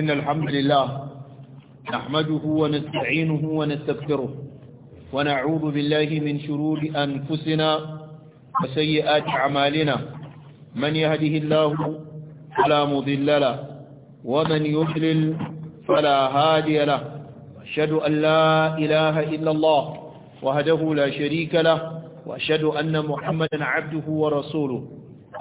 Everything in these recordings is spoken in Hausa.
إن الحمد لله نحمده ونستعينه ونستغفره ونعوذ بالله من شرور أنفسنا وسيئات أعمالنا من يهده الله فلا مضل له ومن يضلل فلا هادي له أشهد أن لا إله إلا الله وهده لا شريك له وأشهد أن محمدا عبده ورسوله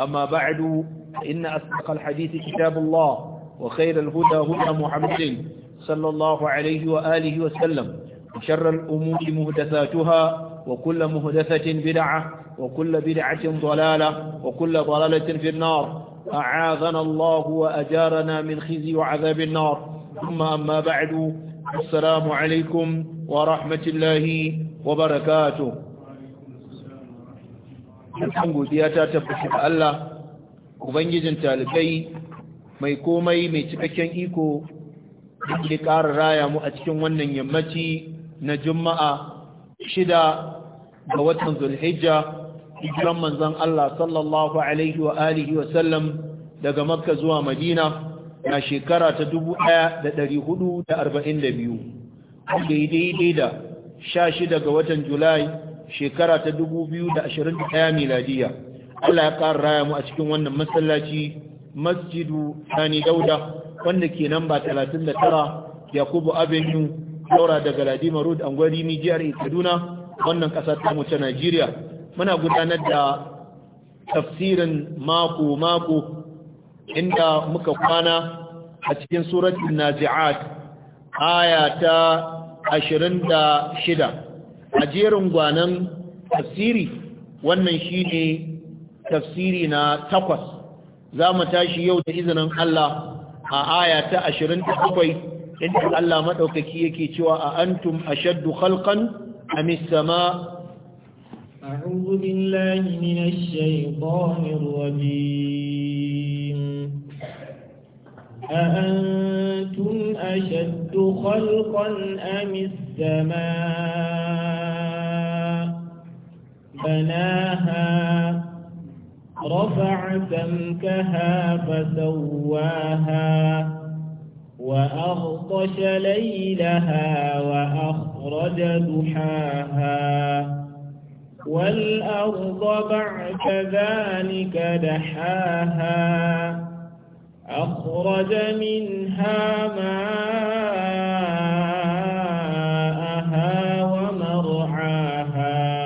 أما بعد فإن أصدق الحديث كتاب الله وخير الهدى هدى محمد صلى الله عليه وآله وسلم وشر الأمور مهدثاتها وكل مهدثة بدعة وكل بدعة ضلالة وكل ضلالة في النار أعاذنا الله وأجارنا من خزي وعذاب النار ثم أما بعد السلام عليكم ورحمة الله وبركاته الحمد لله تتفشف الله وبنجز تالكي mai komai mai cikakken iko da ƙara raya mu a cikin wannan yammaci na juma'a shida ga watan zulhijja hijiran manzon Allah sallallahu alaihi wa alihi wa sallam daga makka zuwa madina na shekara ta 1442 daidai da 16 ga watan julai shekara ta 2021 miladiya Allah ya ƙara raya mu a cikin wannan masallaci masjidu sani dauda wanda ke namba 39 yakubu avenue daura daga ladima road angwari ni jihar kaduna wannan kasar ta ta najeriya muna gudanar da tafsirin mako mako inda muka kwana a cikin suratul nazi'at aya ta 26 a jerin gwanon tafsiri wannan shine tafsiri na takwas za mu tashi yau da izinin Allah a aya ta 27 inda Allah madaukaki yake cewa a antum ashaddu khalqan am as-sama أعوذ بالله من الشيطان الرجيم أأنتم أشد خلقا أم السماء بناها رفع سمكها فسواها وأغطش ليلها وأخرج دحاها والأرض بعد ذلك دحاها أخرج منها ماءها ومرعاها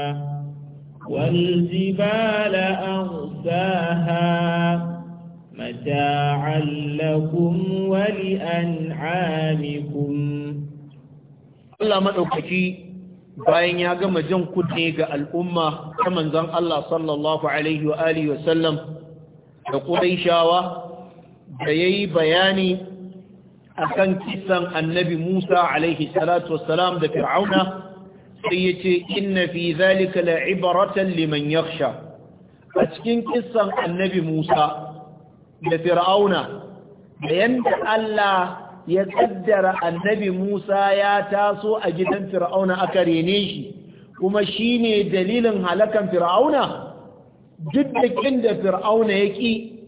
والجبال أرساها متاعا لكم ولأنعامكم Allah maɗaukaki bayan ya gama jan kunne ga al'umma ta manzon Allah sallallahu Alaihi da ƙuraishawa da ya bayani a kan kisan annabi Musa Alaihi da fir'auna sai ya ce inna fi zalika la'ibaratan liman yakhsha a cikin kissan annabi Musa da Fir'auna da yanda Allah ya kaddara annabi Musa ya taso a gidan Fir'auna aka rene shi kuma shine dalilin halakan Fir'auna duk da kin da Fir'auna yaki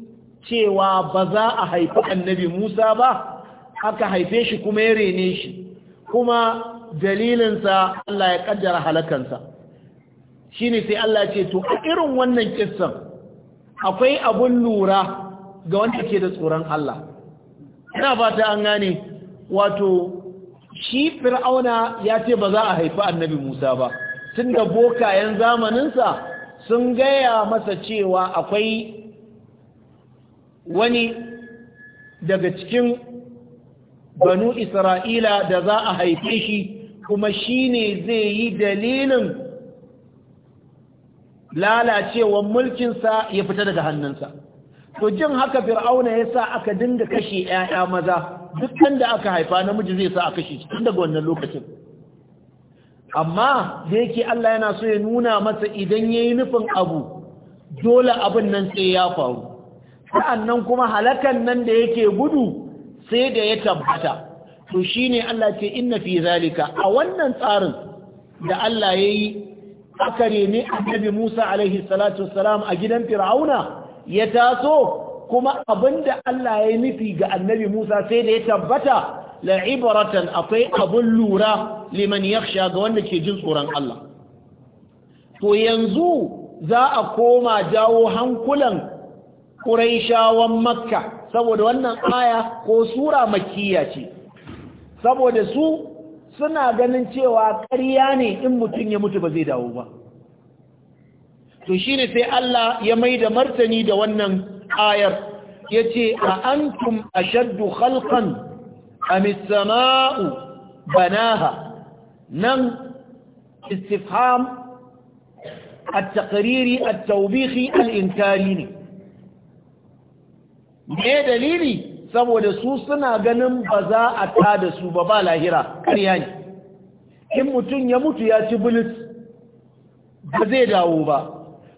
cewa ba za a haifi annabi Musa ba aka haife shi kuma ya rene shi kuma dalilinsa Allah ya kaddara halakansa shine sai Allah ce to a irin wannan kissan akwai abun lura ga wanda ke da tsoron Allah ina ba ta an gane wato shi fir'auna ya ce ba za a haifi annabi Musa ba tunda bokayen zamaninsa sun gaya masa cewa akwai wani daga cikin banu isra'ila da za a haife shi kuma shi ne zai yi dalilin lalacewar mulkinsa ya fita daga hannunsa to jin haka fir'auna ya sa aka dinga kashe 'ya'ya maza dukkan da aka haifa namiji zai sa a kashe tun daga wannan lokacin amma da yake Allah yana so ya nuna masa idan ya yi nufin abu dole abin nan sai ya faru sa'annan kuma halakan nan da yake gudu sai da ya tabbata to shine Allah ce inna fi zalika a wannan tsarin da Allah yayi aka nemi annabi Musa alaihi salatu a gidan Fir'auna ya taso kuma abinda Allah yayi nufi ga annabi Musa sai da ya tabbata laibaratan ibratan akwai abun lura liman yakhsha ga wanda ke jin tsoron Allah to yanzu za a koma jawo hankulan Quraishawan Makka saboda wannan aya ko sura makkiya ce saboda su suna ganin cewa ƙarya ne in mutum ya mutu ba zai dawo ba to shine sai Allah ya mai da martani da wannan ayar yace a antum ashaddu khalqan am as-samaa'u banaha nan istifham a taqriri at taubihi al ne me dalili saboda su suna ganin ba za a ta da su ba ba lahira ƙarya ne in mutum ya mutu ya ci bulis ba zai dawo ba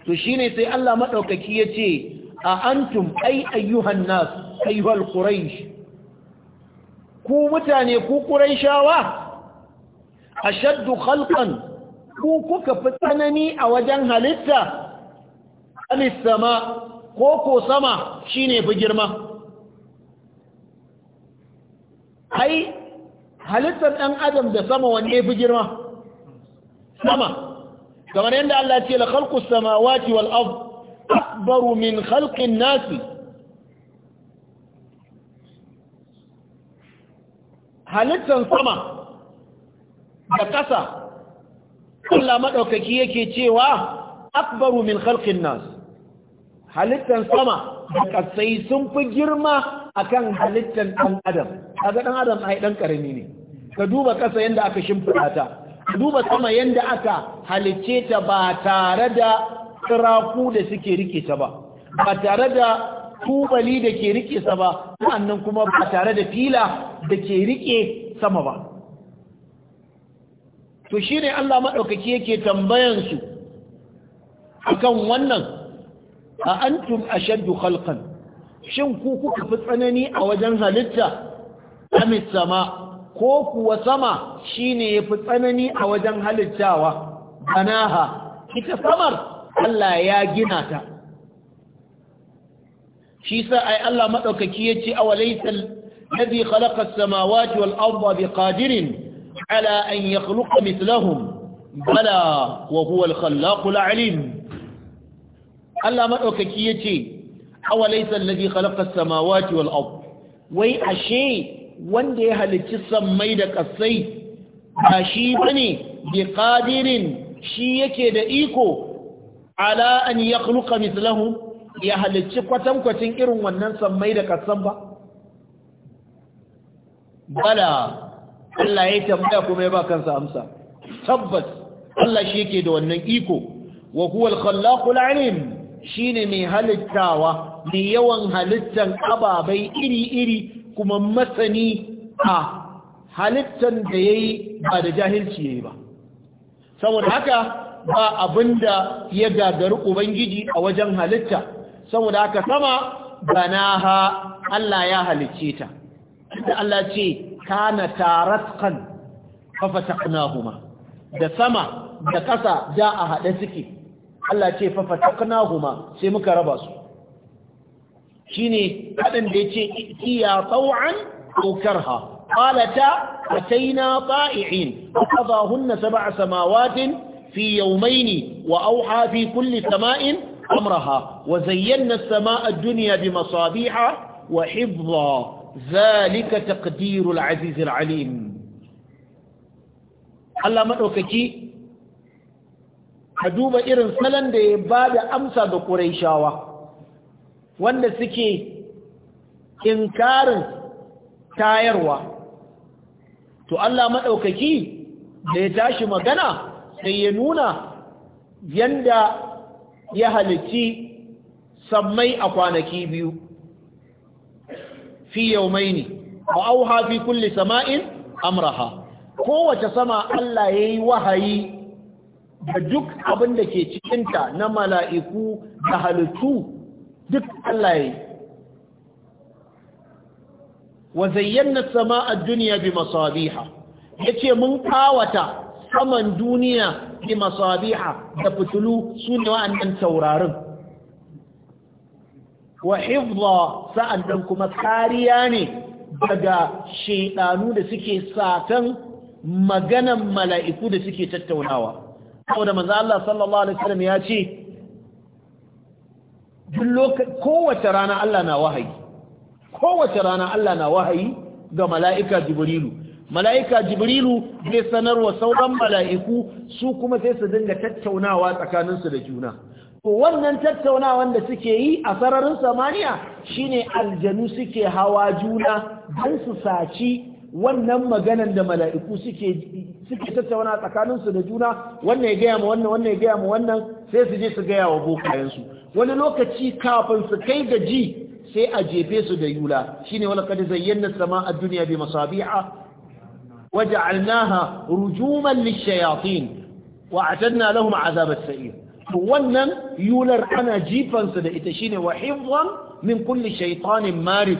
to shi ne sai Allah maɗaukaki ya ce a antum ai ayyuhan nas ayyuhal quraish ku mutane ku A shaddu halkan, ku kuka fi tsanani a wajen halitta alis sama ko ko sama shine fi girma ai halittar ɗan adam da sama wanne fi girma sama kamar yadda Allah ce la khalqu samawati wal ard akbaru min an nas halittar sama da ƙasa Allah madaukaki yake cewa akbaru min an nas halittar sama da kasa sun fi girma akan halittar ɗan adam kaga ɗan adam ai ɗan ƙarami ne ka duba ƙasa yadda aka shimfiɗa ta ka duba sama yadda aka halicce ta ba tare da tsiraku da suke rike ta ba ba tare da tubali da ke rike sa ba sannan kuma ba tare da fila da ke rike sama ba to shine Allah maɗaukaki yake tambayan su akan wannan a antum ashaddu khalqan shin ku kuka fi tsanani a wajen halitta amis sama ko kuwa sama shine ya fi tsanani a wajen halittawa banaha ita samar Allah ya gina ta shi sa ai Allah madaukaki yace awalaysal ladhi khalaqa as-samawati wal arda biqadirin ala an yakhluqa mislahun, bala wa huwa al-khallaqul Allah Allah ya yace awalaysa alladhi khalaqa as-samawati wal ard wai ashe wanda ya halicci sammai da kasai ba shi bane bi qadirin shi yake da iko ala an yakhluqa mithlahu ya halicci kwatankwacin irin wannan sammai da kasan ba bala Allah ya tambaya kuma ya ba kansa amsa tabbas Allah shi yake da wannan iko wa huwa al-khallaqul alim shine mai halittawa mai yawan halittan ababai iri-iri kuma matsani a halittan da ya yi ba da jahilci ya yi ba saboda haka ba da ya gagaru ubangiji a wajen halitta saboda haka sama banaha Allah ya halicce ta da Allah ce kana taratkan fafataqnahuma da sama da ƙasa za a haɗe suke Allah ce fa fataqnahuma sai muka raba su shine hadin da yace iya tau'an aw karha qalata ataina ta'i'in qadahunna sab'a samawatin fi yawmayn wa awha fi kulli sama'in amraha wa zayyana as-sama'a ad-dunya bimasabiha wa hifdha ذلك تقدير العزيز alim Allah madaukaki Ka duba irin salon da ya ba da amsa ga ƙuraishawa wanda suke inkarin tayarwa to Allah maɗaukaki da ya tashi magana sai ya nuna yanda ya halitti sammai a kwanaki biyu fi yaumai ne a auha fi kulli sama'in amraha kowace sama Allah ya yi wahayi da duk abin da ke cikinta na mala'iku da halittu duk Allah ya yi wa zayyana sama a duniya bi masabiha ya ce mun kawata saman duniya bi masabiha da fitulu su ne wa'annan taurarin wa hifza sa'annan kuma kariya ne daga shaidanu da suke satan maganan mala'iku da suke tattaunawa saboda manzo Allah sallallahu alaihi wasallam ya ce kowace rana Allah na wahayi kowace rana Allah na wahayi ga mala'ika Jibrilu mala'ika Jibrilu zai sanarwa sauran mala'iku su kuma sai su dinga tattaunawa tsakaninsu da juna wannan tattaunawa da suke yi a sararin samaniya shine aljanu suke hawa juna don su saci wannan maganan da mala'iku suke tattauna tsakanin da juna wannan ya gaya ma wannan wannan ya gaya ma wannan sai su je su gaya wa bokayen wani lokaci kafin su kai ga ji sai a jefe su da yula shine wala sama duniya sama'a dunya bi Waje waja'alnaha rujuman lishayatin wa'atanna lahum 'adhab sair wannan yular ana jifansa da ita shine wa hifzan min kulli shaytanin marid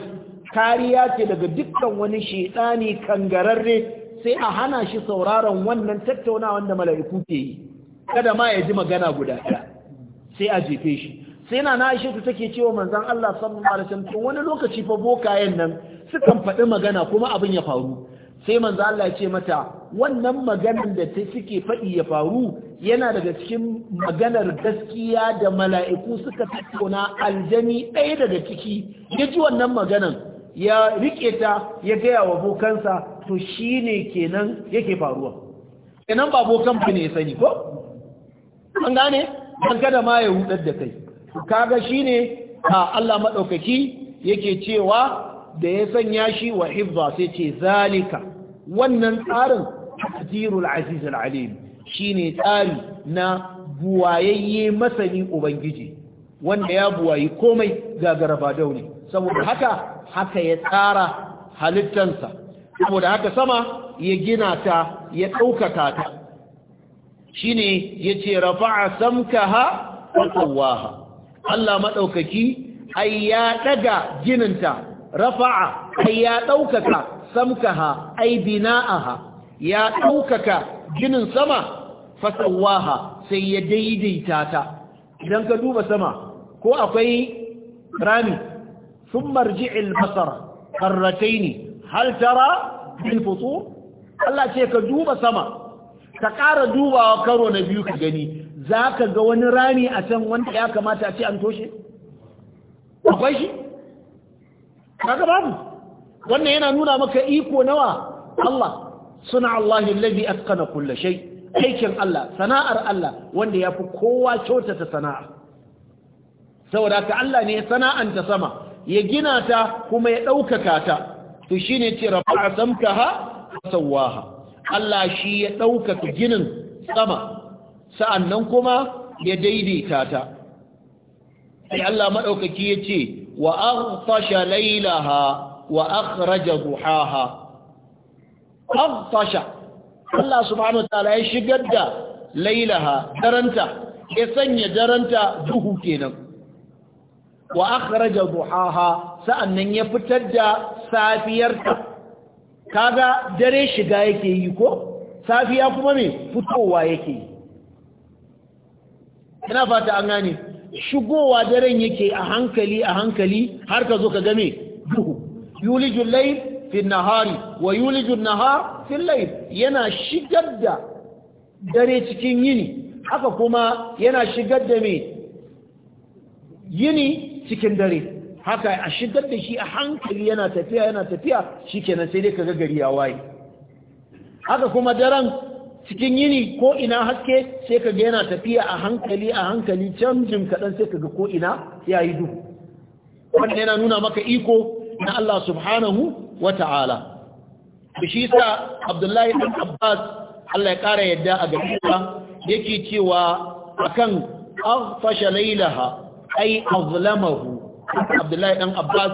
kariya ce daga dukkan wani shaitani kangararre sai a hana shi sauraron wannan tattaunawar da mala'iku ke yi kada ma ya ji magana guda ɗaya sai a jefe shi sai na na aisha take cewa manzon Allah sallallahu alaihi wasallam wani lokaci fa bokayen nan sukan faɗi magana kuma abin ya faru sai manzo Allah ya ce mata wannan maganar da ta suke faɗi ya faru yana daga cikin maganar gaskiya da mala'iku suka tattauna aljani ɗaya daga ciki ya ji wannan maganar ya rike ta ya gaya wa bokansa to shi shine kenan yake faruwa kenan ba bokan fi ne sani ko an gane an kada ma ya hudar da kai kaga shine a Allah maɗaukaki yake cewa da ya sanya shi wa hibba sai ce zalika wannan tsarin taqdirul aziz al shi shine tsari na buwayayye masani ubangiji wanda ya buwayi komai ga garaba daure saboda haka haka ya tsara halittansa saboda haka sama ya gina ta ya ɗaukaka ta shi ne ya ce rafa'a samkaha ha Allah maɗaukaki ai ya ɗaga gininta rafa'a ai ya ɗaukaka samkaha ai ha. ya ɗaukaka ginin sama ha sai ya daidaita ta idan ka duba sama ko akwai rami ثم ارجع البصر قرتين هل ترى من فطور Allah ce ka duba sama ka ƙara dubawa karo na biyu ka gani za ka ga wani rani a can wanda ya kamata a ce an toshe? akwai shi? kaga babu wannan yana nuna maka iko nawa Allah suna Allah lalabi atkana kulle shai aikin Allah sana'ar Allah wanda ya fi kowa kyautata sana'a saboda ka Allah ne sana'anta sama ya gina ta kuma ya ɗaukaka ta to shi ne ce rafa'a samkaha fasawaha Allah shi ya ɗaukaka ginin sama sa'annan kuma ya daidaita ta sai Allah maɗaukaki ya ce wa fasha lailaha wa akhraja duhaha aghfasha Allah subhanahu wa ta'ala ya shigar da lailaha daranta ya sanya daranta duhu kenan wa akhraja duhaha sa'annan ya fitar da safiyarta kaga dare shiga yake yi ko safiya kuma me fitowa yake yi ina fata an gane shigowa daren yake a hankali a hankali har ka zo ka game duhu yulijul layl fi nahari wa yulijul nahar fi layl yana shigar da dare cikin yini haka kuma yana shigar da me yini cikin dare haka a shigar da shi a hankali yana tafiya yana tafiya shi shikenan sai dai kaga gari ya waye haka kuma daren cikin yini ko ina haske sai kaga yana tafiya a hankali a hankali canjin kaɗan sai kaga ko ina ya yi duhu wanda yana nuna maka iko na Allah subhanahu wa ta'ala shi sa Abdullahi ɗan Abbas Allah ya ƙara yadda a gari yake cewa akan fashe lailaha. ai azlamahu Abdullahi dan Abbas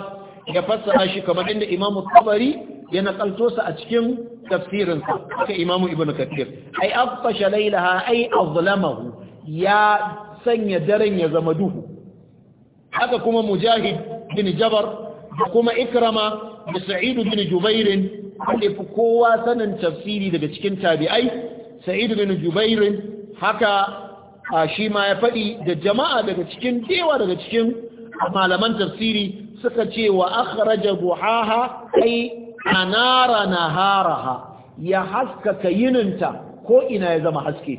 ya fassara shi kamar inda Imam Tabari ya nakalto sa a cikin tafsirin sa haka Imam Ibn Kathir ai afsha lailaha ai azlamahu ya sanya daren ya zama duhu haka kuma Mujahid bin Jabar da kuma Ikrama da Sa'id bin Jubair wanda kowa sanin tafsiri daga cikin tabi'ai Sa'id bin Jubair haka a shi ma ya faɗi da jama'a daga cikin dewa daga cikin malaman tafsiri suka ce wa akhraja buhaha ai anara naharaha ya haskaka yininta ko ina ya zama haske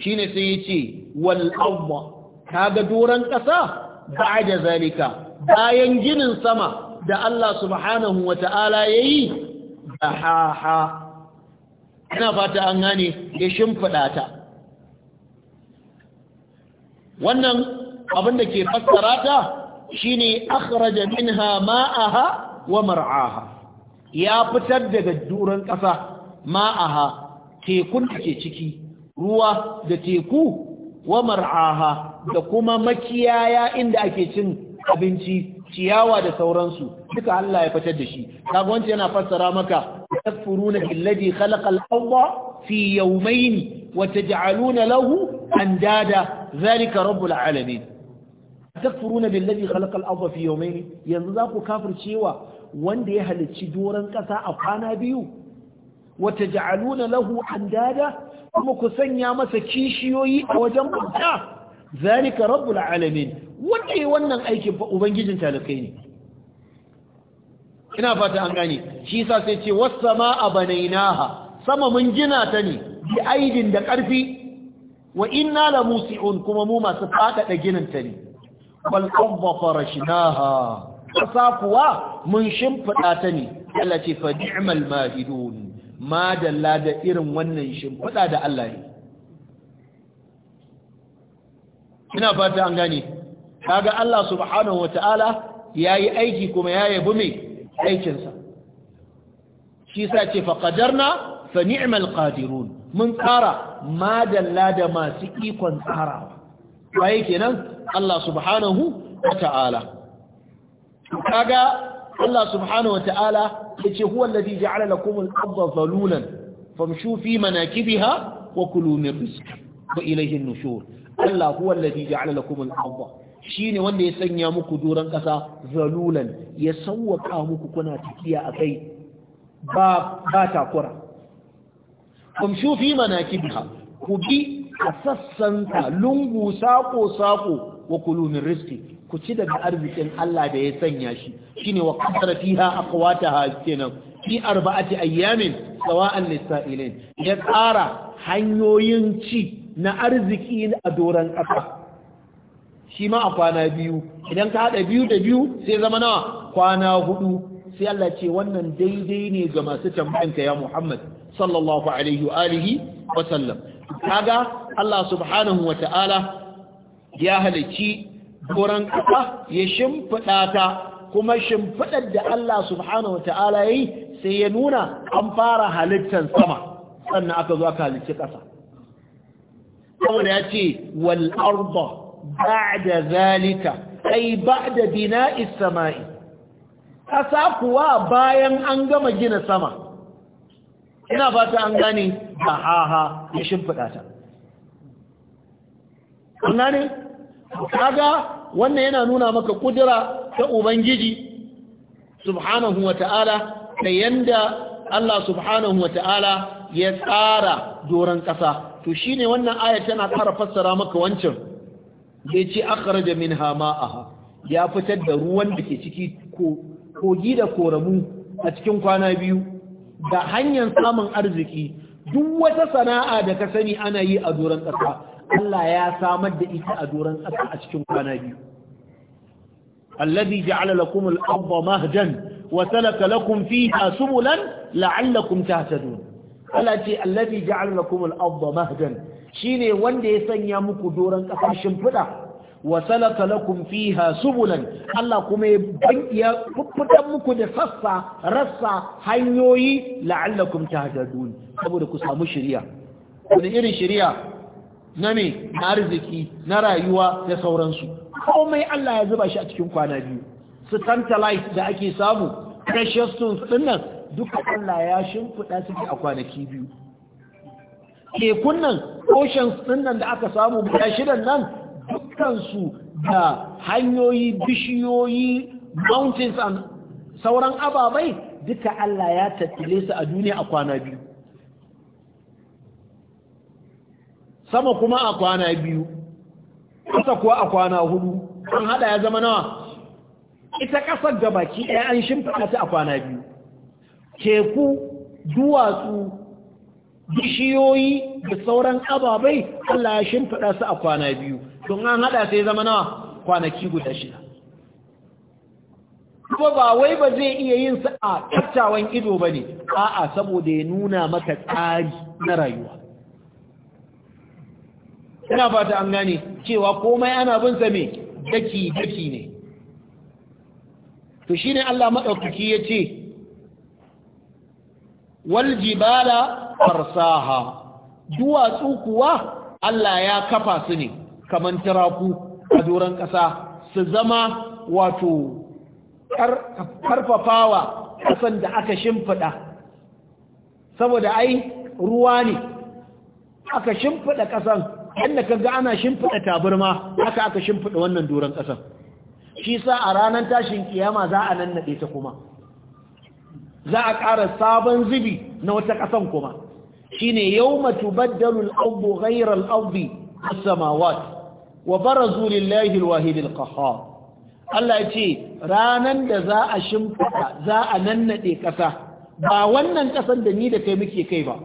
shine sai yace wal ƙasa? kaga doran kasa ba'da zalika bayan ginin sama da Allah subhanahu wata'ala yayi ha ina fata an gane ya shimfida ta wannan abin da ke fassara ta shine akhraja minha ma'aha wa mar'aha ya fitar daga duran ƙasa ma'aha tekun da ke ciki ruwa da teku wa mar'aha da kuma makiyaya inda ake cin abinci ciyawa da sauransu duka Allah ya fitar da shi kaga yana fassara maka takfuruna billazi khalaqa al-ardha fi yawmayn wa taj'aluna lahu andada zalika rabbul alamin takfuruna billazi khalaqal arda fi yawmayn yanzu za ku kafircewa wanda ya halicci doran ƙasa a kwana biyu wa taj'aluna lahu andada kuma ku sanya masa kishiyoyi a wajen bauta zalika rabbul alamin wanda ya wannan aikin fa ubangijin talakai ne ina fata an gane shi yasa sai ce was a banainaha sama mun gina ta ne Yi aidin da ƙarfi. wa inna la musi'un kuma mu masu fadada ginin ta ne bal qabba farashnaha kasa kuwa mun shimfida ta ne Allah ce fa ni'mal mahidun ma dalla da irin wannan shimfida da Allah ne ina fata an gane kaga Allah subhanahu wataala yayi aiki kuma ya yabi mai aikinsa shi sa ce fa qadarna fa ni'mal qadirun mun tsara madalla da masu ikon tsarawa waye kenan Allah subhanahu wa ta'ala kaga Allah subhanahu wa ta'ala yace huwa alladhi ja'ala lakum al-ardha zalulan famshu fi manakibiha wa kulu min rizqi wa ilayhi an-nushur Allah huwa alladhi ja'ala lakum al-ardha shine wanda ya sanya muku doran kasa zalulan ya sawwaka muku kuna tafiya akai ba ba takura kumshu fi manakibha ku bi a sassanta lungu sako sako wa kulu rizqi ku ci daga arzikin Allah da ya sanya shi shine wa qadara fiha aqwataha kenan fi arba'ati ayyamin sawa'an lisa'ilin ya tsara hanyoyin ci na arziki a doran ƙasa shi ma a kwana biyu idan ka haɗa biyu da biyu sai zama nawa kwana hudu sai Allah ce wannan daidai ne ga masu tambayanka ya Muhammad sallallahu alaihi wa alihi wa sallam kaga Allah subhanahu wa ta'ala ya halici goran kafa ya shimfiɗa ta kuma shimfiɗar da Allah subhanahu wa ta'ala ya yi sai ya nuna an fara halittar sama sannan aka zo aka halicci ƙasa saboda ya ce wal arda ba'da zalika ai ba'da bina'is sama'i ƙasa kuwa bayan an gama gina sama ina fata an gane da haha ya shimfiɗa ta an ne kaga wannan yana nuna maka kudura ta ubangiji subhanahu wa ta'ala da yanda Allah subhanahu wa ta'ala ya tsara doron ƙasa to shine wannan aya tana ƙara fassara maka wancan da ce akhraja minha ma'aha ya fitar da ruwan da ke ciki kogi da koramu a cikin kwana biyu da hanyar samun arziki duk wata sana'a da ka sani ana yi a doron ƙasa Allah ya samar da ita a doron ƙasa a cikin kwana biyu alladhi ja'ala lakum al-ardha mahjan wa salaka lakum fiha subulan la'allakum tahtadun Allah ce alladhi ja'ala lakum al-ardha mahjan shine wanda ya sanya muku doron ƙasa shimfiɗa wa salaka lakum fiha subulan Allah kuma ya fitan muku da sassa rassa hanyoyi la'allakum tahtadun saboda ku samu shiriya wani irin shiriya na ne na arziki na rayuwa da sauransu komai Allah ya zuba shi a cikin kwana biyu stantalite da ake samu precious stones dinnan duka Allah ya shimfiɗa su a kwanaki biyu Ke nan oceans din da aka samu guda shidan nan dukkansu da hanyoyi bishiyoyi mountains and sauran ababai duka Allah ya tattale su a duniya a kwana biyu sama kuma a kwana biyu ƙasa kuwa a kwana hudu an hada ya zama nawa ita ƙasar da baki ɗaya an shimfiɗa ta a kwana biyu teku duwatsu bishiyoyi da sauran ababai Allah ya shimfiɗa su a kwana biyu don an haɗa sai zama nawa kwanaki guda shida kuma ba wai ba zai iya yin sa a tattawan ido ba ne a'a saboda ya nuna maka tsari na rayuwa ina fata an gane cewa komai ana bin sa me daki daki ne to shine Allah madaukaki yace wal jibala farsaha duwatsu kuwa Allah ya kafa su ne kaman turaku a doron ƙasa su zama wato karfafawa ƙasan da aka shimfiɗa saboda ai ruwa ne aka shimfiɗa ƙasan yadda ka ga ana shimfiɗa taburma haka aka shimfiɗa wannan doron ƙasan shi sa a ranar tashin kiyama za a nannaɗe ta kuma za a ƙara sabon zubi na wata ƙasan kuma shine yau matubaddalul al'abu ghairar al'abu a samawat wa barazu lillahi alwahid alqahhar Allah ya ce ranan da za a shimfida za a nannade kasa ba wannan kasan da ni da kai muke kai ba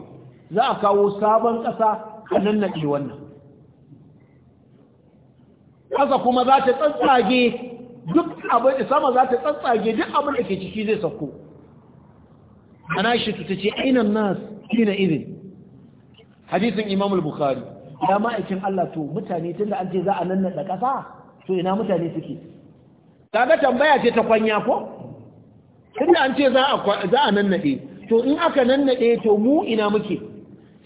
za a kawo sabon kasa a nannade wannan kasa kuma za ta tsatsage duk abin sama za ta tsatsage duk abin da ke ciki zai sauko ana shi ta ce ainihin nas kina izin hadisin imamul bukhari ya ma'aikin Allah to mutane tunda an ce za a nan da ƙasa to ina mutane suke kaga tambaya ce ta kwanya ko tunda an ce za a za a to in aka nannaɗe to mu ina muke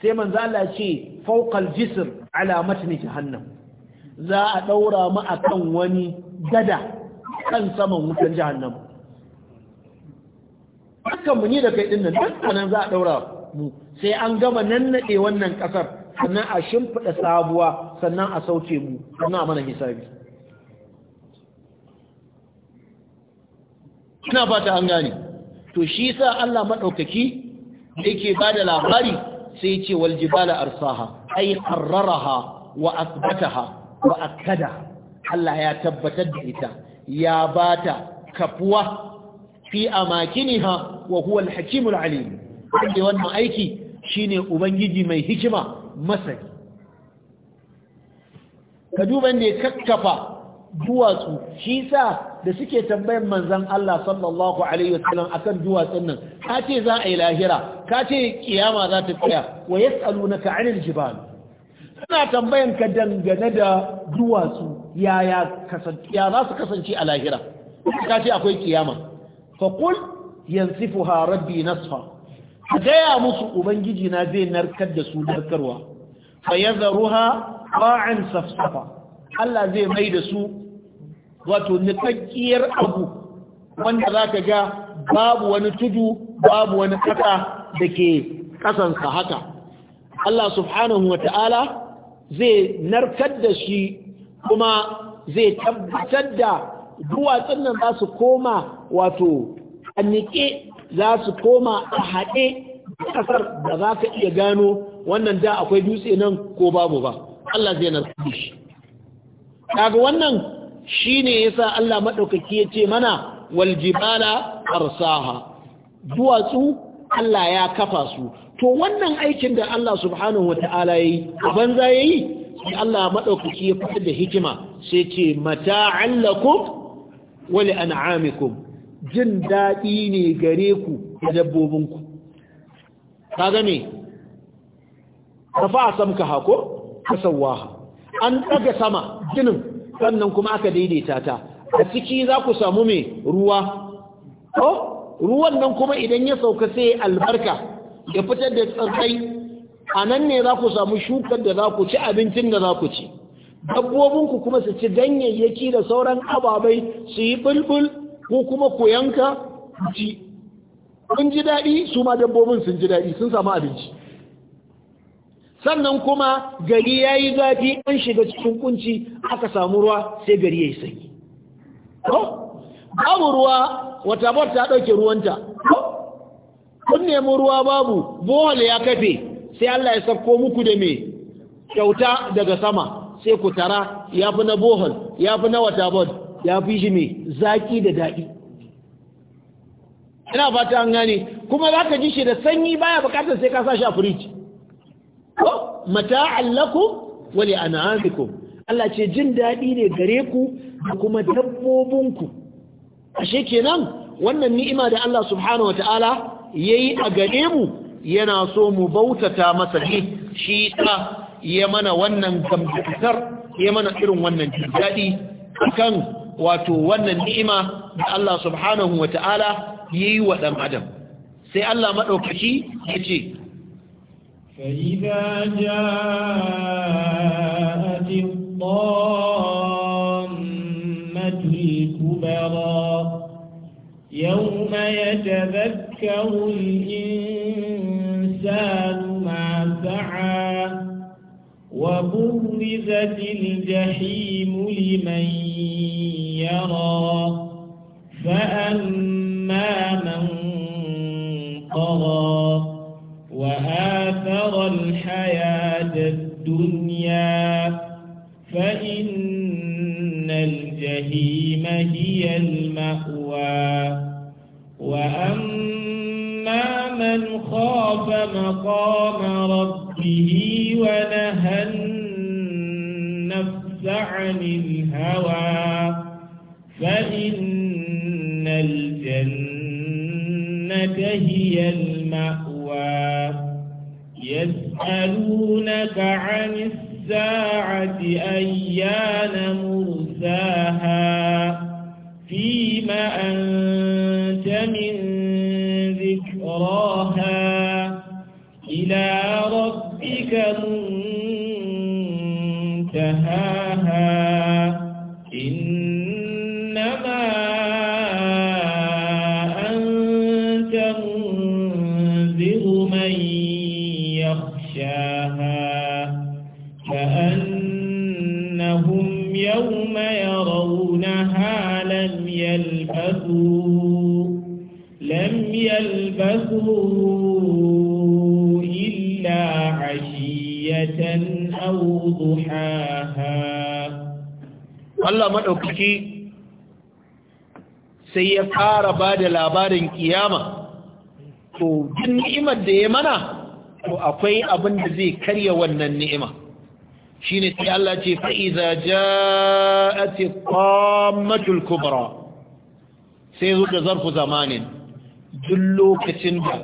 sai manzo Allah ce fawqal jisr ala matni jahannam za a daura mu akan wani gada kan saman wutar jahannam dukkan mu ni da kai dinnan dukkanan za a daura mu sai an gama nannaɗe wannan kasar sannan a shimfiɗa sabuwa sannan a sauke mu sannan a mana hisabi ina fata an gane to shi sa Allah maɗaukaki yake ba da labari sai ce ba da arsaha Ai qarraraha wa asbataha wa akadaha Allah ya tabbatar da ita ya bata kafuwa fi amakiniha wa huwa alhakimul hakimul alim wanda wannan aiki shine ubangiji mai hikima Masai ka duba ne kakkafa duwatsu shi sa da suke tambayin manzan Allah sallallahu alaihi wasallam akan duwatsun nan ka ce za a yi lahira ka ce kiyama za ta tsaya wa yas'alunaka 'anil jibal suna tambayan ka dangane da duwatsu yaya ya za su kasance a lahira ka ce akwai kiyama fa qul yansifuha rabbi nasfa a gaya musu ubangiji na zai narkar da su narkarwa fa yadharuha qa'an safsafa Allah zai mai da su wato nikakkiyar abu wanda za ka ga babu wani tudu babu wani kasa ke kasansa haka Allah subhanahu wata'ala zai narkar da shi kuma zai tabbatar da duwatsun nan za su koma wato a za su koma a haɗe ƙasar da za ka iya gano wannan da akwai dutse nan ko babu ba Allah zai narkaɗe shi kaga wannan shi ya yasa Allah ya yace mana waljibala arsaha duwatsu Allah ya kafa su to wannan aikin da Allah subhanahu wata'ala yayi a banza yayi sai Allah maɗaukaki ya fitar da hikima sai ce mata'allakum wa li an'amikum jin daɗi ne gare ku da dabbobinku ka gane a samka hako kasawaha an ɗaga sama jinin sannan kuma aka daidaita ta a ciki za ku samu mai ruwa oh ruwan nan kuma idan ya sauka sai albarka ya fitar da tsarkai a nan ne za ku samu shukar da za ku ci abincin da za ku ci dabbobinku kuma su ci ganyayyaki da sauran ababai su yi bulbul ko kuma ku yanka ku ji daɗi su ma dabbobin sun ji daɗi sun samu abinci sannan kuma gari ya yi zafi an shiga cikin kunci aka samu ruwa sai gari ya yi sanyi babu ruwa wata bar ta ɗauke ruwanta kun nemi ruwa babu bohol ya kafe sai Allah ya sako muku da me kyauta daga sama sai ku tara ya fi na bohol ya fi na wata bohol ya fi shi mai zaƙi da daɗi ina fata an gane kuma za ka ji shi da sanyi baya bukatar sai ka sa shi a firiji ko mata allaku wale ana Allah ce jin daɗi ne gare ku da kuma dabbobinku ashe kenan wannan ni'ima da Allah subhanahu wata'ala yi a gare mu yana so mu bautata masa ne shi ta ya mana wannan gamgatar ya mana irin wannan jin daɗi akan wato wannan ni'ima da Allah subhanahu wa ta'ala yi wa ɗan adam sai Allah maɗaukaki ya ce فإذا يوم يتذكر الإنسان ما سعى وبرزت الجحيم لمن يرى فأما من طغى وآثر الحياة الدنيا فإن الجحيم هي المأوى وأما من خاف مقام ربه ونهى عن الهوى فإن الجنة هي المأوى يسألونك عن الساعة أيان مرساها فيما أنت من ذكراها إلى ربك منتهاها يلبثوا لم يلبثوا إلا عشية أو ضحاها الله مدعوكي sai ya fara ba da labarin ƙiyama. to jin ni'imar da ya mana to akwai abin da zai karya wannan ni'ima shine sai Allah ce fa iza ja'at qammatul kubra sai zo da zarfu zamanin duk lokacin da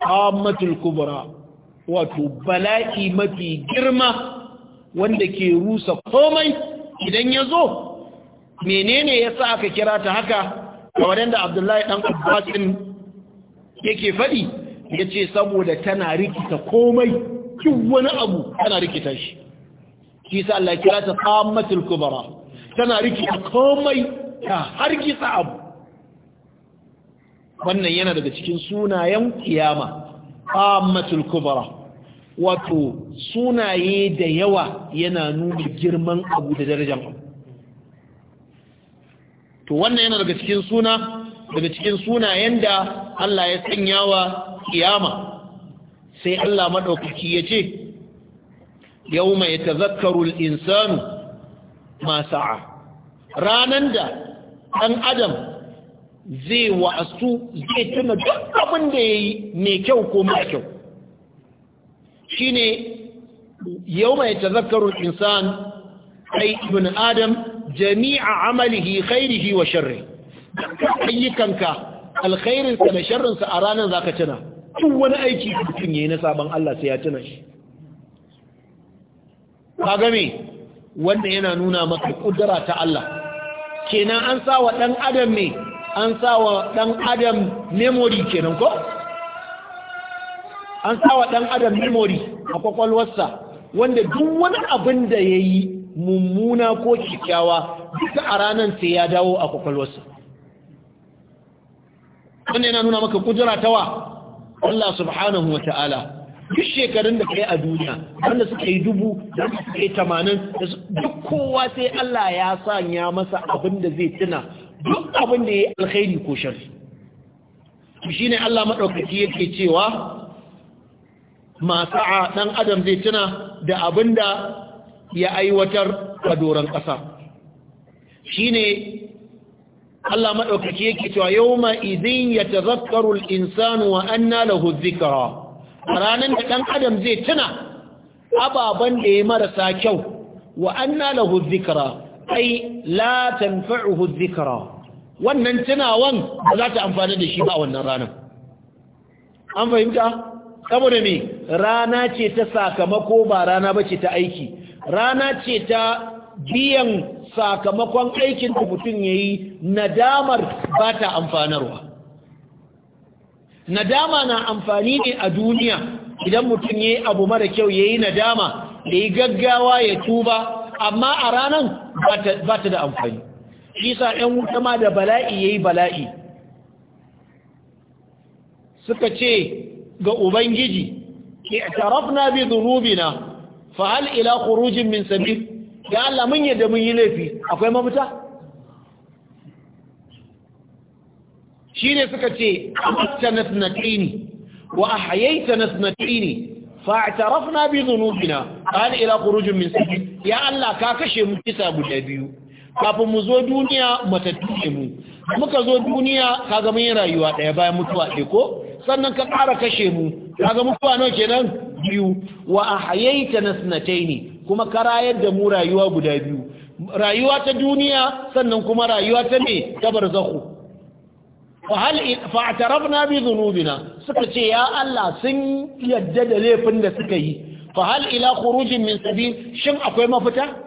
amatul kubra wato bala'i mafi girma wanda ke rusa komai idan ya zo menene ya sa aka kira ta haka ga wadanda abdullahi ɗan abbasin yake faɗi ya ce saboda tana rikita komai cin wani abu tana rikita shi kisa Allah kira ta amatul kubra tana rikita komai ta hargitsa abu wannan yana daga cikin sunayen kiyama ammatul kubra wato sunaye da yawa yana nuna girman abu da darajar abu to wannan yana daga cikin suna daga cikin sunayen da Allah ya sanya wa kiyama sai Allah madaukaki ya ce yau ta tazakkarul insanu ma sa'a ranan da ɗan adam zai wa'asu zai tuna duk abin da ya yi mai kyau ko mara kyau shi ne yau mai tazakarun insan ai ibn adam jami'a amalihi khairihi wa sharri ayyukanka alkhairinsa da sharrinsa a ranar za ka tuna tun wani aiki mutum ya yi na sabon Allah sai ya tuna shi ka game wanda yana nuna maka kudura ta Allah kenan an sa wa ɗan adam ne an sa wa ɗan adam memory kenan ko an sa wa ɗan adam memory a kwakwalwarsa wanda duk wani abin da ya yi mummuna ko kyakkyawa duka a ranar sai ya dawo a kwakwalwarsa wanda yana nuna maka kudura tawa Allah subhanahu wa ta'ala duk shekarun da kai a duniya wanda suka yi dubu da suka yi tamanin duk kowa sai Allah ya sanya masa abin da zai tuna duk abin da ya yi alkhairi ko shari shi ne Allah maɗaukaki yake cewa masu a ɗan adam zai tuna da abin da ya aiwatar a doron ƙasa shi Allah maɗaukaki yake cewa yau ma izin ya tazakkarul insanu wa anna lahu zikara a ranar da ɗan adam zai tuna ababen da ya marasa kyau wa anna lahu ai la tanfa'uhu zikra wannan tunawan ba za ta amfani da shi ba wannan ranar an fahimta saboda me rana ce ta sakamako ba rana ba ce ta aiki rana ce ta biyan sakamakon aikin da mutum yi nadamar ba ta amfanarwa nadama na amfani ne a duniya idan mutum ya abu mara kyau ya yi nadama da yi gaggawa ya tuba amma a ranan ba ta da amfani shi sa 'yan wuta ma da bala'i ya yi bala'i suka ce ga ubangiji ke tarafna bi zunubina fa hal ila ƙurujin min sabil ya Allah mun yadda mun yi laifi akwai mafita shine suka ce amatana thnataini wa ahyaytana thnataini fa'tarafna bi dhunubina ƙani ila khuruj min sabi ya Allah ka kashe mu kisa guda biyu kafin mu zo duniya matattu mu muka zo duniya ka ga mun yi rayuwa ɗaya bayan mutuwa ɗai ko sannan ka ƙara kashe mu ka ga mutuwa nawa kenan biyu wa a ahyaytana ne. kuma ka rayar da mu rayuwa guda biyu rayuwa ta duniya sannan kuma rayuwa ta ne ta barzakhu fa'atarafna bi zunubina suka ce ya Allah sun yadda da laifin da suka yi fa hal ila kurujin min sabil shin akwai mafita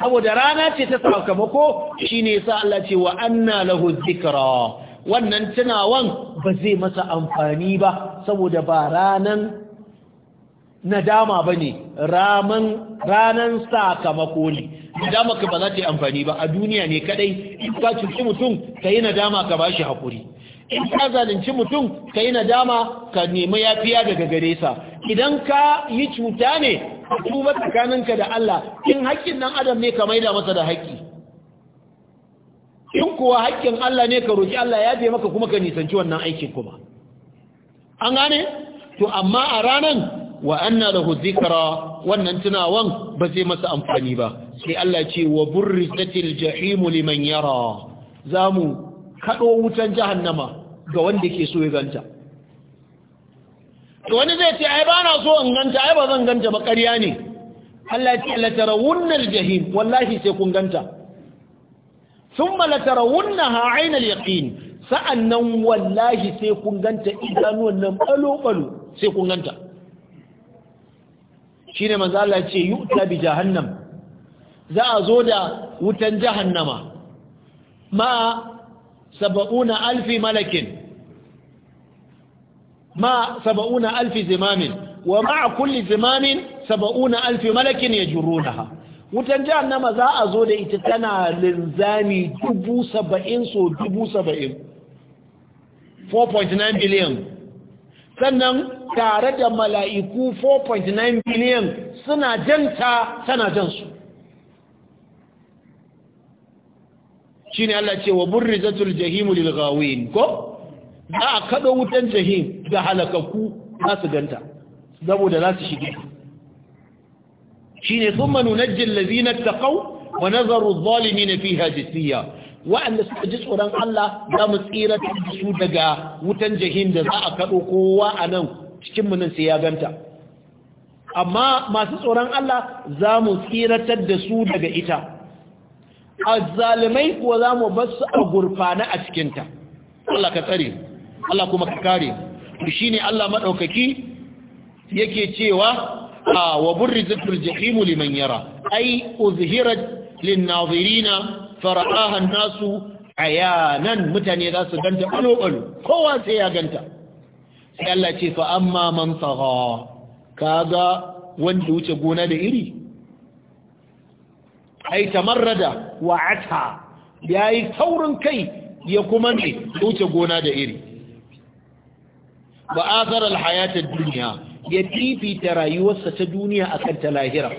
saboda rana ce ta sakamako shine sa Allah ce wa anna lahu wannan tunawan ba zai masa amfani ba saboda ba ranan nadama ba ne ranan sakamako ne nadama ka ba za ta yi amfani ba a duniya ne kadai in ka cinci mutum ka yi nadama ka ba shi haƙuri in ka zalunci mutum ka yi nadama ka nemi yafiya daga gare sa idan ka yi cuta ne ka tuba tsakaninka da Allah in haƙƙin nan adam ne ka maida masa da haƙƙi in kuwa haƙƙin Allah ne ka roƙi Allah ya maka kuma ka nisanci wannan aikin kuma an gane to amma a ranan wa anna lahu dhikra wannan tunawan ba zai masa amfani ba sai Allah ce wa burrisatil jahim liman yara zamu kado wutan jahannama ga wanda ke so ya ganta to wani zai ce ai ba na so in ganta ai ba zan ganta ba ƙarya ne Allah ce la tarawunnal jahim wallahi sai kun ganta thumma la tarawunnaha ayna al-yaqin sa'annan wallahi sai kun ganta idanuwan nan balo balo sai kun ganta shine ne Allah ya ce yu'ta bi jahannam za a zo da wutan jahannama ma saba'una alfi malakin ma saba'una alfi zimamin wa ma a kulli zimamin saba'una alfi malakin ya ha wutan jahannama za a zo da ita tana linzami dubu saba'in so dubu saba'in 4.9 billion sannan tare da mala'iku 4.9 biliyan suna janta tana jansu shi ne Allah ce wa burri zatul jahimu lilgawin ko za a kaɗo wutan jahim ga halakakku za su ganta saboda za su shige shi ne sun manu na jillazi na taƙau wa nazaru zalimi na fi hajjisiyya wa'anda suka ji tsoron Allah za mu tsira da su daga wutan jahim da za a kaɗo kowa a nan cikin munin sai ya ganta amma masu tsoron Allah za mu tsiratar da su daga ita A zalimai kuwa za mu bar su a gurfana a cikinta Allah ka tsare Allah kuma ka kare shi ne Allah maɗaukaki yake cewa ah, wa zikir jahimu liman yara ai uzhirat lin nazirina fara'aha nasu ayanan mutane za su ganta alo-alo kowa sai ya ganta sai Allah ce fa amma man tsaha kaga wanda wuce gona da iri ai tamarrada wa ata yayi saurin kai ya kuma ne wuce gona da iri ba hayata alhayata ad-dunya ya fifita rayuwarsa ta duniya akan ta lahira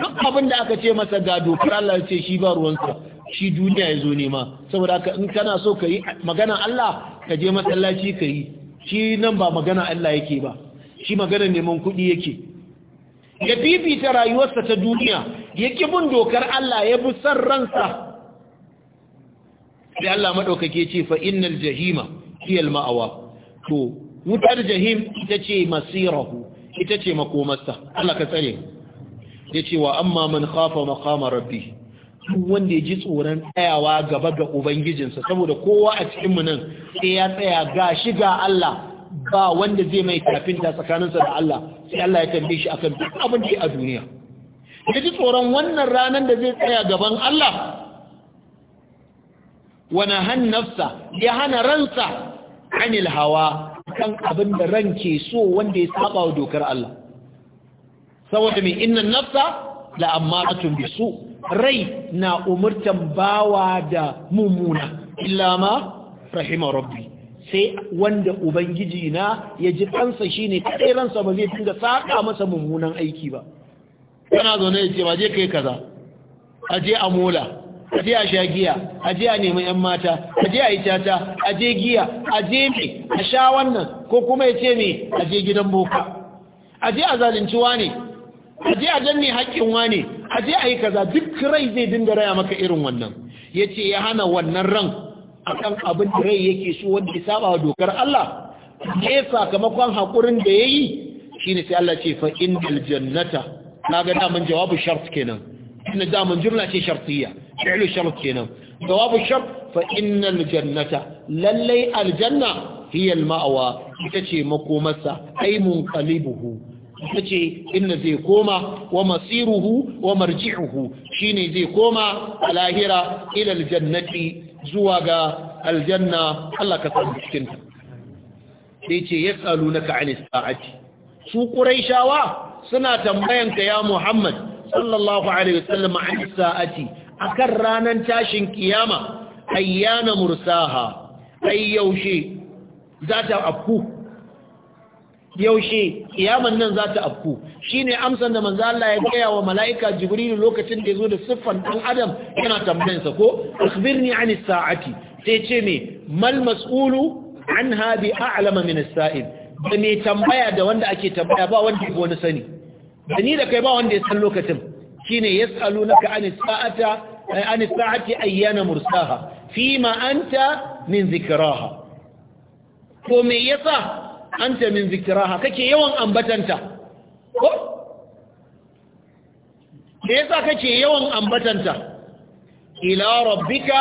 duk abinda aka ce masa gado dokar Allah ce shi ba ruwansa shi duniya ya zo nema saboda haka in kana so ka yi magana Allah ka je masallaci ka yi shi nan ba magana Allah yake ba shi magana neman kuɗi yake ya bibita rayuwarsa ta duniya ya bin dokar Allah ya bi san ransa sai Allah madaukake ce fa innal jahima hiyal ma'awa to wutar jahim ita ce masirahu ita ce makomarsa Allah ka tsare ya ce wa amma man khafa maqama rabbih duk wanda ya ji tsoron tsayawa gaba ga ubangijinsa saboda kowa a cikinmu nan sai ya tsaya ga shi ga Allah ba wanda zai mai kafinta tsakaninsa da Allah sai Allah ya tambaye shi akan duk abin da a duniya ya ji tsoron wannan ranar da zai tsaya gaban Allah wani hannafsa ya hana ransa anil hawa kan abin da ran ke so wanda ya saba wa dokar Allah saboda mai innan nafsa la'ammaratun bisu rai na umurtan bawa da mumuna. illa ma rahima rabbi sai wanda ubangiji na ya ji kansa shine kadai ransa ba zai dinga saka masa mumunan aiki ba zo zaune ya ce ba je kai kaza Aje a mola a je a sha giya a je a nemi yan mata Aje a yi tata a giya a je me a sha wannan ko kuma ya ce me a gidan boka a a zalunci ne. a je a danne haƙƙin wane a a yi kaza duk rai zai dinga raya maka irin wannan ya ce ya hana wannan ran a kan abin da rai yake so wanda ya saba wa dokar Allah ne sakamakon haƙurin da ya yi shi ne sai Allah ce fa indal jannata na ga daman jawabu shart kenan ina daman jumla ce shartiyya fi'lu shart kenan jawabu shart fa innal aljannata. lallai aljanna hiya ma'awa. ita ce makomarsa ay munqalibuhu nace ce inna zai koma wa masiruhu wa marji'uhu shine zai koma alahira ilal ila aljannati zuwa ga aljanna Allah ka samu cikin ta sai ce yas'alunaka 'anis sa'ati su quraishawa suna tambayan ka ya Muhammad sallallahu alaihi wasallam 'anis sa'ati akan ranan tashin kiyama ayyana mursaha ai yaushe za ta afku yaushe kiyaman nan za ta afku shine amsan da manzo Allah ya gaya wa mala'ika jibrilu lokacin da yazo da siffan ɗan adam yana tambayansa ko akhbirni anis sa'ati sai ce me mal mas'ulu anha bi a'lama min as-sa'il da me tambaya da wanda ake tambaya ba wanda ya wani sani da ni da kai ba wanda ya san lokacin shine yas'alunaka anis sa'ata anis sa'ati ayyana mursaha fima anta min zikraha Ko me yasa anta min zikiraha kake yawan ambatanta ko me yasa kake yawan ambatanta ila rabbika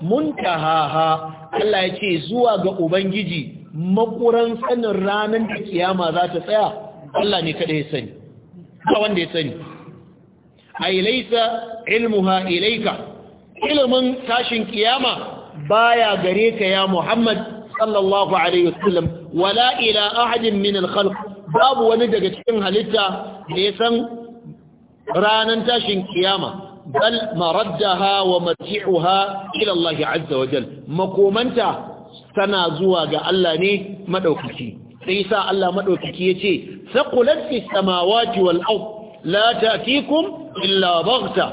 muntahaha Allah ya ce zuwa ga ubangiji makuran sanin ranar da kiyama za ta tsaya Allah ne kada ya sani ba wanda ya sani ai laysa ilmuha ilayka ilimin tashin kiyama baya gare ka ya Muhammad sallallahu alaihi wasallam wala ila ahadin min al-khalq babu wani daga cikin halitta da ya san ranan tashin kiyama bal maraddaha wa marji'uha ila Allah azza wa jal makomanta tana zuwa ga Allah ne madaukaki sai sa Allah madaukaki yace saqulat fis samawati wal ard la ta'tikum illa baghta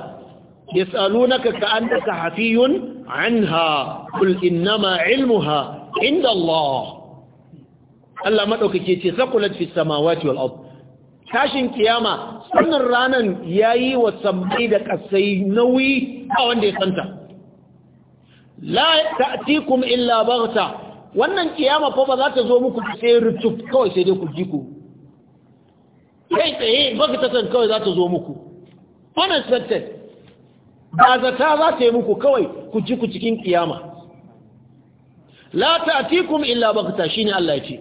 يسألونك كأنك حفي عنها قل إنما علمها عند الله Allah maɗaukake ce sakulat fi samawati wal ard tashin kiyama sannan ranan yayi wa sammai da kasai nauyi a wanda ya santa la ta'tikum illa baghta wannan kiyama fa ba za ta zo muku sai rutub kawai sai dai ku ji ku kai tsaye baghta san kawai za ta zo muku unexpected ba zata za ta yi muku kawai ku ji ku cikin kiyama la ta'tikum illa baghta shine Allah ya ce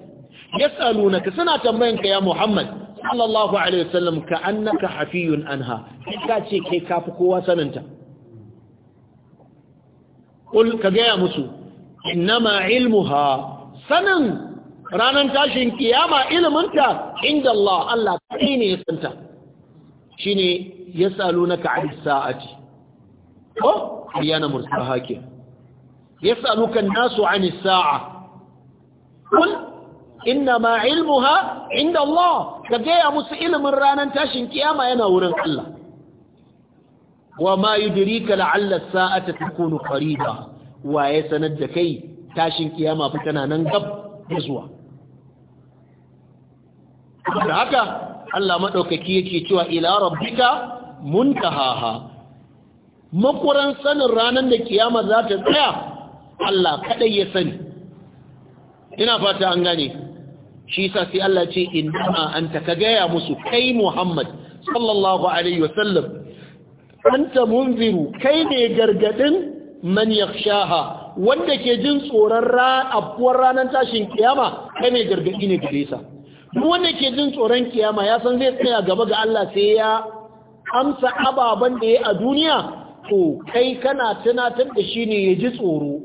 yasalunaka suna tambayanka ya Muhammad sallallahu alaihi wasallam ka annaka hafiyun anha ka ce kai kafi kowa sananta kul ka gaya musu innama ilmuha sanin ranar tashin kiyama iliminta inda Allah Allah kai ne ya santa shine yasalunaka an sa'ati ko ayyana mursaha ke yasaluka an-nasu an sa'a kul inna ma ilmuha inda Allah ka gaya musu ilimin ranar tashin kiyama yana wurin Allah wa ma yudrika la'alla sa'ata takunu qariba wa ya sanar da kai tashin kiyama fa tana nan gab da zuwa da haka Allah maɗaukaki yake cewa ila rabbika muntahaha makuran sanin ranar da kiyama za ta tsaya Allah kadai ya sani ina fata an gane shi sa sai Allah ce inna anta ka gaya musu kai Muhammad sallallahu alaihi wasallam anta munziru kai ne gargadin man yakhshaha wanda ke jin tsoron abuwar ranar tashin kiyama kai ne gargadi ne gare sa duk wanda ke jin tsoron kiyama ya san zai tsaya gaba ga Allah sai ya amsa ababan da ya a duniya to kai kana tunatar da shi ne ya ji tsoro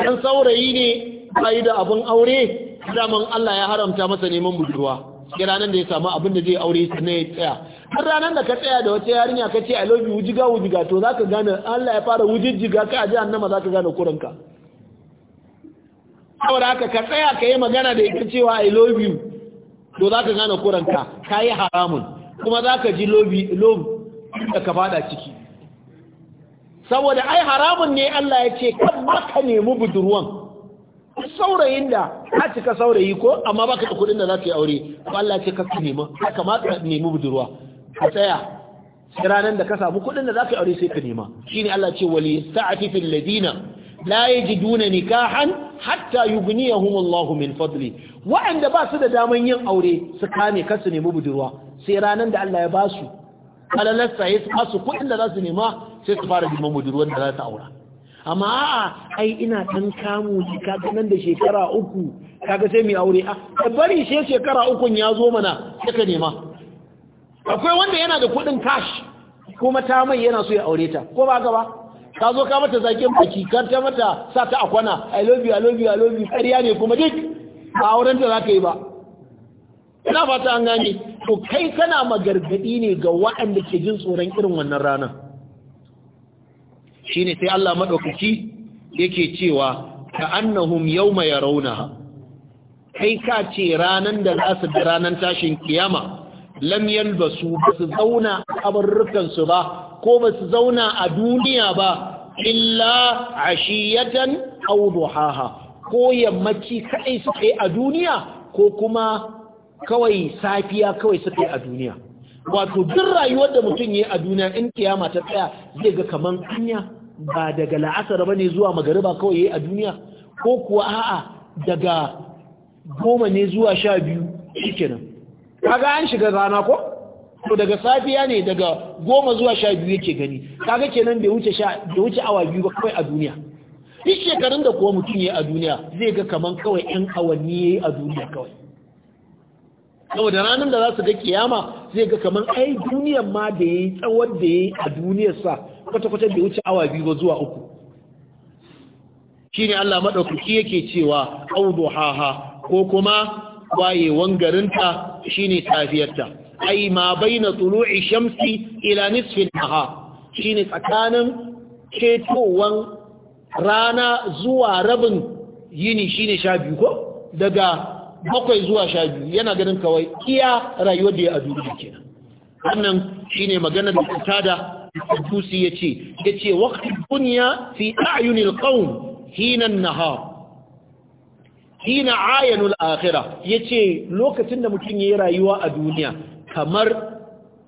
dan saurayi ne bai da abun aure daman Allah ya haramta masa neman budurwa sai ranar da ya samu abin da zai aure su ya tsaya har ranar da ka tsaya da wata yarinya ka ce i love you wujiga wujiga to zaka gane Allah ya fara wujijjiga ka a za zaka gane kuranka saboda haka ka tsaya ka yi magana da ita cewa i love you to zaka gane kuranka ka yi haramun kuma zaka ji love love da ka fada ciki saboda ai haramun ne Allah ya ce kan ma ka nemi budurwan saurayin da ka cika saurayi ko amma baka da kuɗin da za ka yi aure to Allah ce ka nemi haka ma ka nemi budurwa ka tsaya sai ranar da ka samu kuɗin da za ka yi aure sai ka nema shine Allah ce wali sa'ati fil ladina la yajiduna nikahan hatta yughniyahum Allah min fadli wa'anda ba su da daman yin aure su kame kar su nemi budurwa sai ranar da Allah ya ba su alalarsa ya su kuɗin da za su nema sai su fara neman budurwar da za su aura amma a'a ai ina ɗan kamu shi kaga nan da shekara uku kaga sai mai aure ah, a bari sai shekara uku ya zo mana ka nema akwai wanda yana da kuɗin cash kuma ta mai yana so ya aure ta ko ba gaba ka zo ka mata zakin baki kan ta mata sa ta kwana. i love you i love you i love you ƙarya ne kuma duk ba auren ta zaka yi ba ina fata an gane to kai kana magargadi ne ga waɗanda ke jin tsoron irin wannan ranar shine sai Allah madaukaki yake cewa ka annahum yawma yarawnaha kai ka ce ranan da za su ranar tashin kiyama lamyan ba su zauna abarrukan ba ko ba su zauna a duniya ba illa ashiyatan audu haha? ko yammaci kaɗai su kai a duniya ko kuma kawai safiya kawai su kai a duniya wato duk rayuwar da mutum ya yi a duniya in kiyama ta tsaya zai ga kaman anya ba daga la'asar ba ne zuwa magariba kawai yayi a duniya ko kuwa a'a daga goma ne zuwa sha biyu shikenan kaga an shiga rana ko to daga safiya ne daga goma zuwa sha biyu yake gani kaga kenan bai wuce sha bai wuce awa biyu ba kawai a duniya duk shekarun da kuwa mutum yayi a duniya zai ga kaman kawai yan awanni yayi a duniya kawai saboda ranar da za su ga kiyama zai ga kamar ai duniyar ma da ya yi tsawon da ya yi a duniyar sa, kwata-kwata bai wuce awa biyu zuwa uku shine Allah maɗaukaki yake cewa audu haha ko kuma wayewan garinta shine tafiyarta ai ma baina tulu'i shamsi ila nisfin naha shine tsakanin ketowar rana zuwa rabin yini shine sha biyu ko daga bakwai zuwa sha biyu yana ganin kawai iya rayuwa da ya azu wannan shine maganar da ta da Tusi ya ce ya ce waqti duniya fi a'yunil ƙaun hina an hina ayanul al ya ce lokacin da mutum ya yi rayuwa a duniya kamar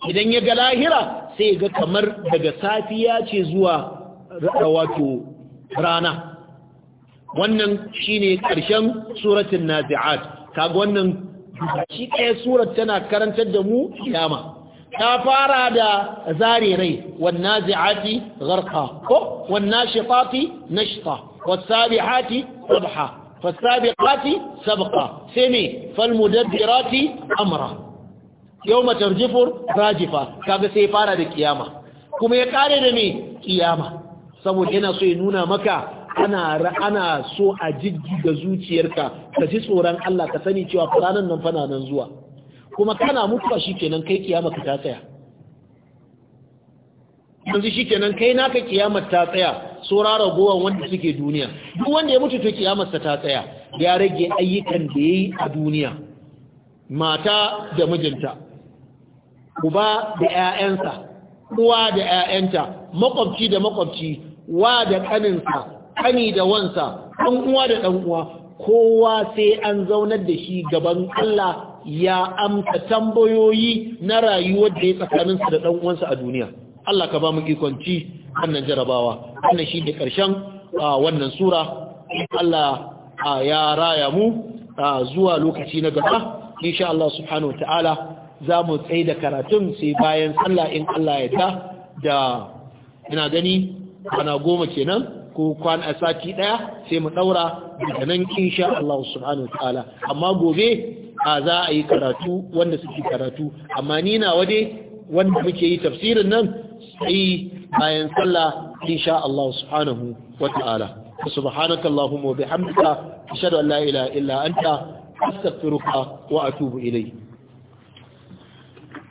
idan ya ga lahira sai ga kamar daga safiya ce zuwa wato rana wannan shine ƙarshen suratun nazi'at kaga wannan shi ɗaya surar tana karantar da mu kiyama ta fara da zare rai wanna zi'ati gharqa ko wanna shifati nashta wasabihati sabha fasabiqati sabqa sai ne falmudabbirati amra yawma tarjifu rajifa kaga sai fara da kiyama kuma ya kare da me kiyama saboda yana so ya nuna maka ana ana so a da zuciyarka ka ji tsoron Allah ka sani cewa faranan nan fana nan zuwa kuma kana mutuwa shikenan kai kiyama ka ta tsaya yanzu shikenan kai naka kiyama ta tsaya saura ragowar wanda suke duniya duk wanda ya mutu to kiyamarsa ta tsaya ya rage ayyukan da yayi a duniya mata da mijinta uba da 'ya'yansa uwa da 'ya'yanta makwabci da makwabci wa da kaninsa Ƙani da wansa ɗan uwa da ɗan uwa kowa sai an zaunar da shi gaban Allah ya amsa tambayoyi na rayuwar da ya tsakaninsa da ɗan uwansa a duniya Allah ka ba mu ikonci wannan jarabawa wannan shi ne ƙarshen wannan sura Allah ya raya mu zuwa lokaci na gaba insha Allah subhanahu ta'ala za mu tsaye da karatun sai bayan Allah in Allah ya ta da ina gani ana goma kenan ko kwana sati ɗaya sai mu ɗaura daga nan insha Allah subhanahu wa ta'ala amma gobe a za a yi karatu wanda suke karatu amma ni na wade wanda muke yi tafsirin nan sai bayan sallah insha Allah subhanahu wa ta'ala subhanaka allahumma wa bihamdika ashhadu an la ilaha illa anta astaghfiruka wa atubu ilayk